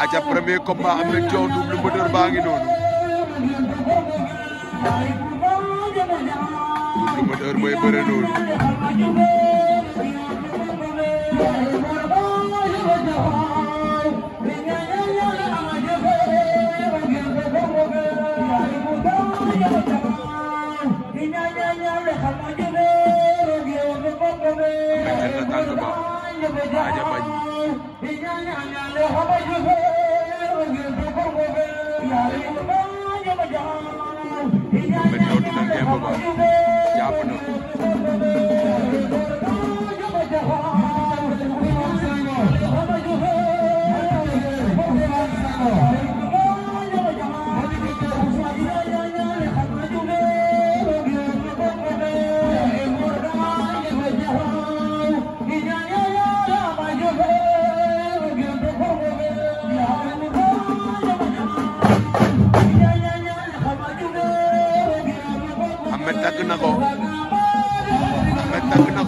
aca premier combat am na coow double moteur baa ngi noonu double moteur mooy bëre noonu Aja bañ Бога його. Ahmed tàgg na ko Ahmed tàgg na ko